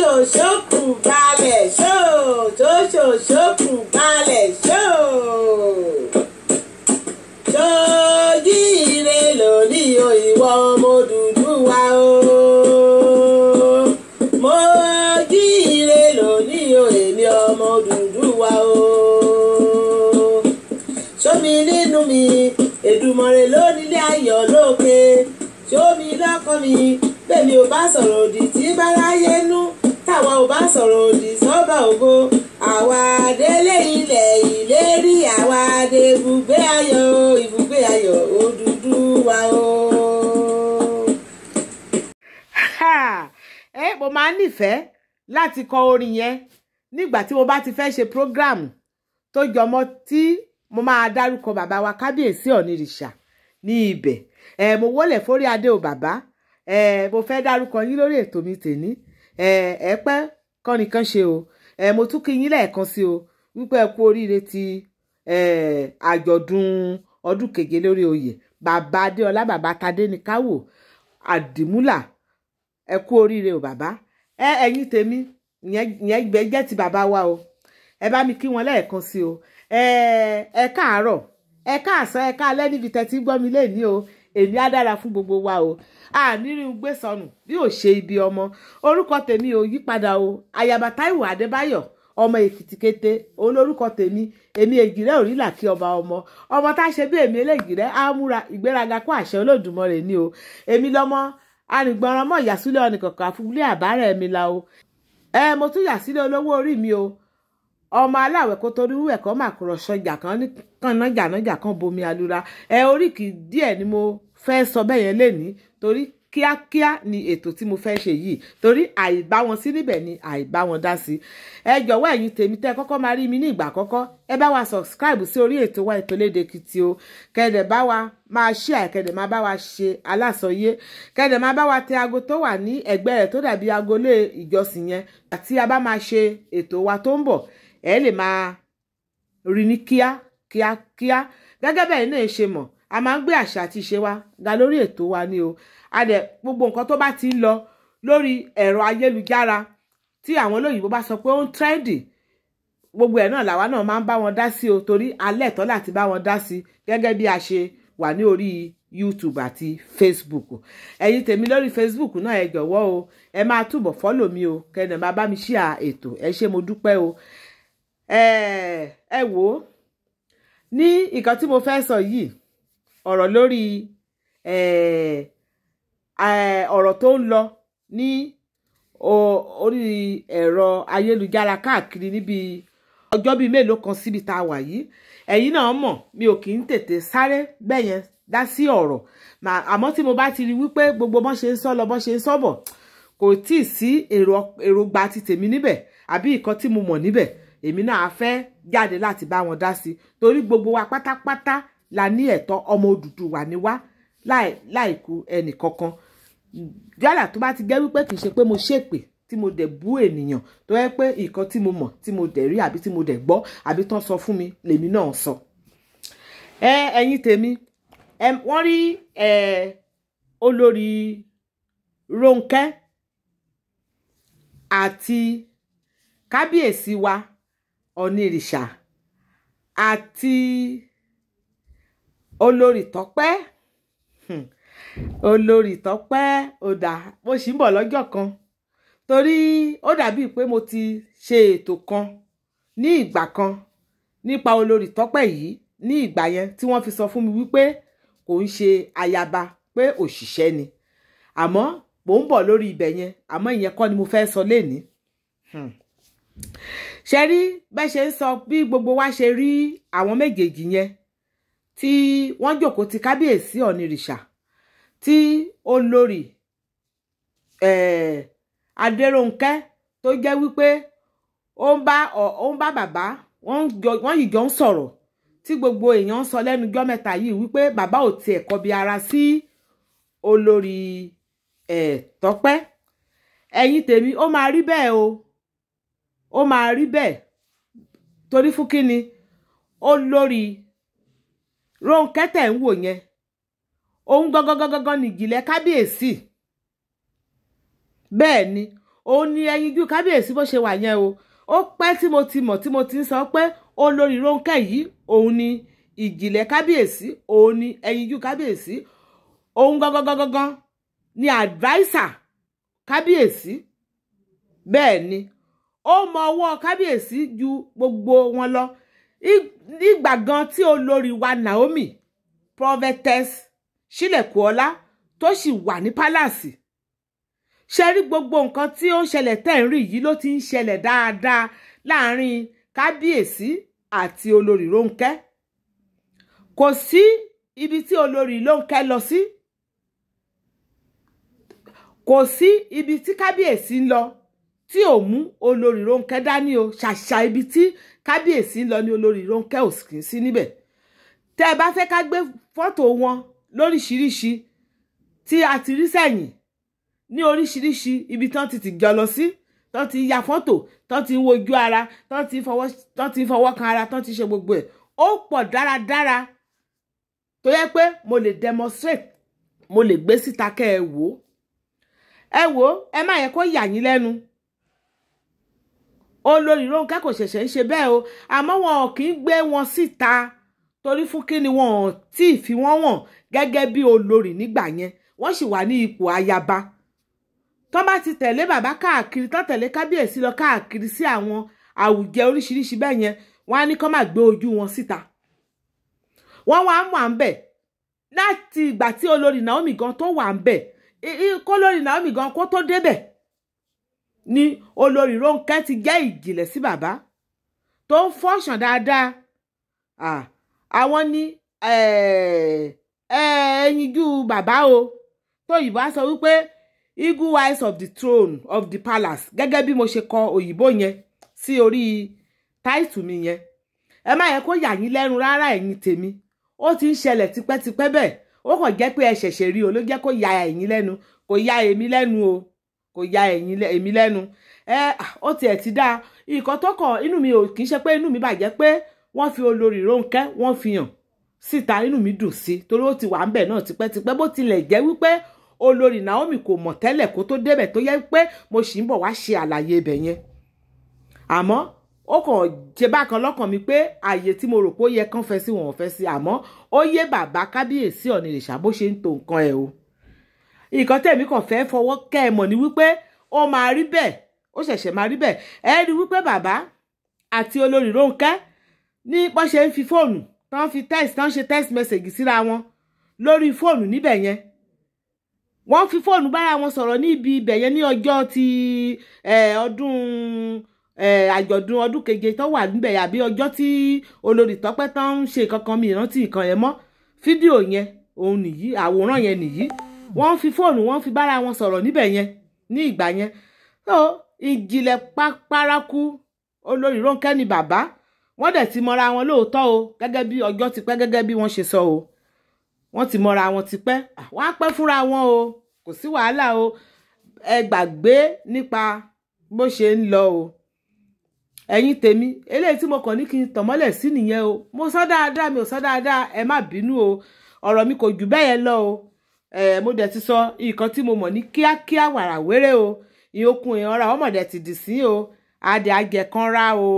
ṣòṣòkùn balẹ̀ ṣó tó ṣòṣòkùn balẹ̀ ṣó. ṣojú ire lónìí o ìwọ ọmọ òdùdú wa o. mojú ire lónìí o èmi ọmọ òdùdú wa o. sómi nínú mi Èdùmàrè lónílé ayọ̀ lókè sómi lọ́kàn mi bẹ́ẹ̀ mi ò bá sọ̀rọ̀ òdì tí bá ráyé nú táwọn ò bá sọ̀rọ̀ òdì sọ́ba ògo àwa délé ilẹ̀ ìlérí àwa dé ibùgbé ayọ̀ ibùgbé ayọ̀ Odùduwà o. ẹ mo máa ń nífẹ̀ẹ́ láti kọ orin yẹn nígbà tí mo bá ti fẹ́ ṣe program tó jọmọ́ tí mo máa dárúkọ bàbá wa kábíyèsí ọ̀nìrìṣà ní ibẹ̀ ẹ mo wọlé forí adé o bàbá ẹ mo fẹ́ dárúkọ yín lórí ètò mi tèmi ẹ pẹ́ kọ́ni kan ṣe o ẹ mo tún kí yín lẹ́ẹ̀kan sí o wípé ẹ kú oríire ti àjọ̀dún ọdún keje lórí oyè bàbá adéọlá bàbá tadé ní káwò àdìmúlà ẹ kú oríire o bàbá ẹ ẹ̀yin tèmi ìyẹn gbẹ jẹ́ ti bàbá wa o ẹ bá mi kí wọn lẹ́ẹ̀kan sí o ẹ káàárọ̀ ẹ káàsán ẹ káalẹ́ níbi tẹ́tí gbọ́ mi lé ní o èmi á dára fún gbogbo wa o àníríhun gbé sọnù bí ò ṣe ibi ọmọ orúkọ tèmi ò yípadà o ayaba Táíwò Adébáyọ̀ ọmọ èkìtì kété olórúkọ tèmi èmi ègìrẹ́ ò rí làkí ọba ọmọ ọmọ tá a ṣe bí èmi elégìrẹ́ á múra ìgbéraga kó àṣẹ olódùmarè ni o èmi lọmọ arìngbọ̀nrán mọ̀ ìyàsílẹ̀ ọ̀nìkọ̀kọ̀ àfúlé àbárẹ̀ mi la o ẹ mo tún yà sílẹ̀ olówó orí mi o ọmọ aláwẹ̀ kó torí wú ẹ̀kọ́ mà kúrọ̀ sọjà kan ní kànná jànájà kan bomi alura ẹ oríkì díẹ̀ ni mo fẹ́ sọ bẹ́ẹ̀ yẹn lénìí torí kíákíá ni ètò tí mo fẹ́ ṣe yìí torí àìbá wọn sí níbẹ̀ ni àìbá wọn dá sí ẹ jọ̀wọ́ ẹ̀yin tèmi tẹ́ kọ́kọ́ máa rí mi ní ìgbà àkọ́kọ́ ẹ bá wa subscribe sí orí ètò wa ètò Lédè Èkìtì o kẹ́dẹ̀ bá wa máa ṣí àìkẹ́dẹ̀ máa bá wa ṣe alásọyé kẹ́dẹ̀ máa bá wa tẹ aago tó wà ní ẹ̀gbẹ́ rẹ̀ tó dàbí agolé ìjọsìn yẹn àti a máa ṣe ètò wa tó ń bọ̀ ẹ lè máa rí ní kíá kíá kíá gẹ́gẹ́ bẹ́ẹ̀ náà ṣe mọ̀ a máa ń gbé àṣà àti ìṣe wa ga lórí ètò wa ni o a dẹ̀ gbogbo nǹkan tó bá ti ń lọ lórí ẹ̀rọ ayélujára tí àwọn olóyìnbó bá sọ pé ó ń tírẹ́ǹdì gbogbo ẹ̀ náà làwa náà máa ń bá wọn dá sí o torí alẹ́ tọ́ láti bá wọn dá sí gẹ́gẹ́ bí a ṣe wà ní orí YouTube àti Facebook ẹ̀yin tèmi lórí Facebook náà ẹ jọ̀wọ́ o ẹ máa túbọ̀ fọ́lò mi o kẹ́nà máa bá mi ṣíà ètò ẹ ṣé mo dúpẹ́ o ẹ wò ó ní nǹkan tí mo fẹ́ sọ yìí ọ̀rọ̀ lórí ọ̀rọ̀ tó ń lọ ní orí ẹ̀rọ ayélujára káàkiri níbi ọjọ́ bíi mélòó kan síbi tá a wà yìí ẹ̀yin náà mọ̀ mi ò kì í tètè sáré bẹ́yẹn dá sí ọ̀rọ̀ àmọ́ tí mo bá ti rí wípé gbogbo bọ́n ṣe ń sọ lọ bọ́n ṣe ń sọ bọ̀ kò tíì sí èròǹgbà ti tèmi níbẹ̀ àbí nǹkan tí mo mọ̀ níbẹ̀ èmi náà fẹ́ jáde láti bá wọn dá sí torí gbogbo wa pátápátá la ní ẹ̀tọ́ ọmọ Odùduwà ni wá láìkú ẹnì kankan yálà tó bá ti jẹ́ wípé kì í ṣe pé mo ṣépè tí mo dẹ̀ bú ènìyàn tó yẹ pé nǹkan tí mo mọ̀ tí mo dẹ̀ rí àbí tí mo dẹ̀ gbọ́ àbí tán sọ fún mi lèmi náà sọ. ẹ ẹ̀yin tèmi wọ́n rí olórí Rónkẹ́ àti kábíyèsí wa onírìṣà àti olórí tọ́pẹ́ hmm. olórí tọ́pẹ́ ó dà mo sì ń bọ̀ lọ́jọ́ kan torí ó dàbíi pé mo ti ṣe ètò kan ní ìgbà kan nípa olórí tọ́pẹ́ yìí ní ìgbà yẹn tí wọ́n fi sọ fún mi wípé kò ń ṣe ayaba pé òṣìṣẹ́ ni àmọ́ mò ń bọ̀ lórí ibẹ̀ yẹn àmọ́ ìyẹn kọ́ ni mo fẹ́ sọ lénìí. Hmm ṣe rí bẹ́ẹ̀ ṣe ń sọ bí gbogbo wa ṣe rí àwọn méjèèjì yẹn tí wọ́n jókòó ti kábíyèsí ọ̀nìrìṣà tí olórí adéròǹkẹ́ tó jẹ́ wípé ó ń bá ó ń bá bàbá wọ́n yìí jọ ń sọ̀rọ̀ tí gbogbo èèyàn ń sọ lẹ́nu jọ́ mẹ́ta yìí wípé bàbá ò tiẹ̀ kọbi ara sí olórí tọ́pẹ́ ẹ̀yin tèmi ó máa rí bẹ́ẹ̀ o. ó máa rí bẹ́ẹ̀ torí fún kíni ó lórí Rónkẹ́ tẹ̀ ń wò yẹn òun gangan ni òun ni ẹyinjú kábíyèsí bó ṣe wà yẹn o ó pẹ́ tí mo ti mọ̀ tí mo ti ń sọ pé ó lórí ni ìjìnlẹ̀ kábíyèsí òun ni ẹyinjú kábíyèsí òun ni adviser kábíyèsí bẹ́ẹ̀ ni ó mọ ọwọ́ kábíyèsí ju gbogbo wọn lọ nígbà gan tí olórí wa Naomi prophetess sílẹ̀kùọ́lá tó sì wà ní pálàsì ṣe rí gbogbo nǹkan tí ó ṣẹlẹ̀ tẹ̀ ń rí yìí ló ti ń ṣẹlẹ̀ dáadáa láàrin kábíyèsí àti olórí Rónkẹ́ kò sí ibi tí olórí Rónkẹ́ lọ sí kò sí ibi tí kábíyèsí ń lọ tí ò mú olórí Rónkẹ́ dání o ṣàṣà ibi tí kábíyèsí ń lọ ní olórí Rónkẹ́ ò sì sí níbẹ̀ tẹ́ ẹ bá fẹ́ ká gbé fọ́tò wọn lóríṣiríṣi tí a ti rí sẹ́yìn ní oríṣiríṣi ibi tán ti ti jọ lọ sí tán ti ya fọ́tò tán ti ń wojú ara tán ti ń fọwọ́ kan ara tán ti ṣe gbogbo ẹ̀ ó pọ̀ dáradára tó yẹ pé mo lè demonstrate mo lè gbé síta kẹ́ ẹ wò ẹ wò ẹ má yẹ kó yà yín lẹ́nu olórí Rónkẹ́ kò ṣẹ̀ṣẹ̀ ń ṣe bẹ́ẹ̀ o àmọ́ wọn ò kì í gbé wọn síta torí fún kí ni wọn ò tí ì fi wọ́n wọ̀n gẹ́gẹ́ bí olórí nígbà yẹn wọ́n sì wà ní ipò ayaba tọ́ bá ti tẹ̀lé bàbá káàkiri tọ́ tẹ̀lé kábíyèsí lọ káàkiri sí àwọn àwùjẹ oríṣiríṣi bẹ́ẹ̀ yẹn wọ́n á ní kọ́ máa gbé ojú wọn síta wọ́n wá ń wà ń bẹ̀ láti ìgbà tí olórí Naomi gan tó wà ń bẹ̀ kó Naomi gan kó tó débẹ̀ ni olórí Rónkẹ́ ti jẹ́ ìjìnlẹ̀ sí bàbá tó ń fọ́ṣàn dáadáa àwọn ni ẹyinjú eh, eh, bàbá o tó òyìnbó á sọ wípé eagle eyes of the throne of the palace gẹ́gẹ́ bí mo ṣe kọ òyìnbó yẹn sí orí táìtù mi yẹn ẹ má yẹ kó yà yín lẹ́nu rárá ẹ̀yin tèmi ó ti ń ṣẹlẹ̀ tipẹ́tipẹ́ bẹ́ẹ̀ ó kàn jẹ́ pé ẹ ṣẹ̀ṣẹ̀ rí o ló jẹ́ kó ya ẹ̀yin lẹ́nu kò ya èmi lẹ́nu o kò ya ẹ̀yin èmi lẹ́nu ẹ ó tiẹ̀ ti dáa nǹkan tó kàn inú mi ò kì í ṣe pé inú mi bàjẹ́ pé wọ́n fi olórí Rónkẹ́ wọ́n fi hàn síta inú mi dùn sí torí ó ti wà ń bẹ̀ náà tipẹ́tipẹ́ bó tilẹ̀ jẹ́ wípé olórí Naomi kò mọ̀ tẹ́lẹ̀ kó tó débẹ̀ tó yẹ pé mo sì ń bọ̀ wá ṣe àlàyé ibẹ̀ yẹn àmọ́ ó kàn jẹ bákan lọ́kàn mi pé àyè tí mo rò pé ó yẹ kán fẹ́ sí wọn ò fẹ́ sí àmọ́ ó yé bàbá kábíyèsí ọ̀nìrìṣà bó ṣe ń to nǹkan ẹ̀ o nǹkan tẹ̀mí kàn fẹ́ fọwọ́ kẹ́ ẹ mọ̀ ní wípé ó máa rí bẹ́ẹ̀ ó ṣẹ̀ṣẹ̀ máa rí bẹ́ẹ̀ ẹ rí wípé bàbá àti olórí Rónkẹ́ ní bọ́n ṣe ń fi fóònù tán fi text tán ṣe text message síra wọn lórí fóònù níbẹ̀ yẹn wọ́n fi fóònù bára wọn sọ̀rọ̀ ní ibi ibẹ̀ yẹn ní ọjọ́ ti ọdún àjọ̀dún ọdún keje tó wà níbẹ̀ àbí ọjọ́ tí olórí Tọ́pẹ́ tán ń ṣe kankan mìíràn tí ìkan yẹn mọ́ fídíò yẹn òun nìyí àwòrán yẹn nìyí wọ́n fi fóònù wọ́n fi bára wọn sọ̀rọ̀ níbẹ̀ yẹn ní ìgbà yẹn so ìjìnlẹ̀ paraku olórí Rónkẹ́ ni bàbá wọ́n dẹ̀ ti mọra wọn lóòótọ́ o gẹ́gẹ́ bí ọjọ́ ti pẹ́ gẹ́gẹ́ bí wọ́n ṣe sọ o wọ́n ti mọra wọn ti pẹ́ wọ́n á pẹ́ fúnra wọn o kò sí wàhálà o ẹ gbàgbé nípa bó ṣe ń lọ o ẹ̀yin tèmi eléyìí tí mo kàn ní kí n tọ̀mọ́lẹ̀ sí nìyẹn o mo sọ dáadáa mi ò sọ dáadáa ẹ má bínú o ọ̀rọ̀ mi kò jù bẹ́ẹ̀ lọ o ẹ eh, mo dẹ̀ ti sọ nǹkan tí mo mọ̀ ní kíákíá wàrà wéré o ìyókùn ìhànra ọmọdé ti dì sí o adé àjẹkànra o.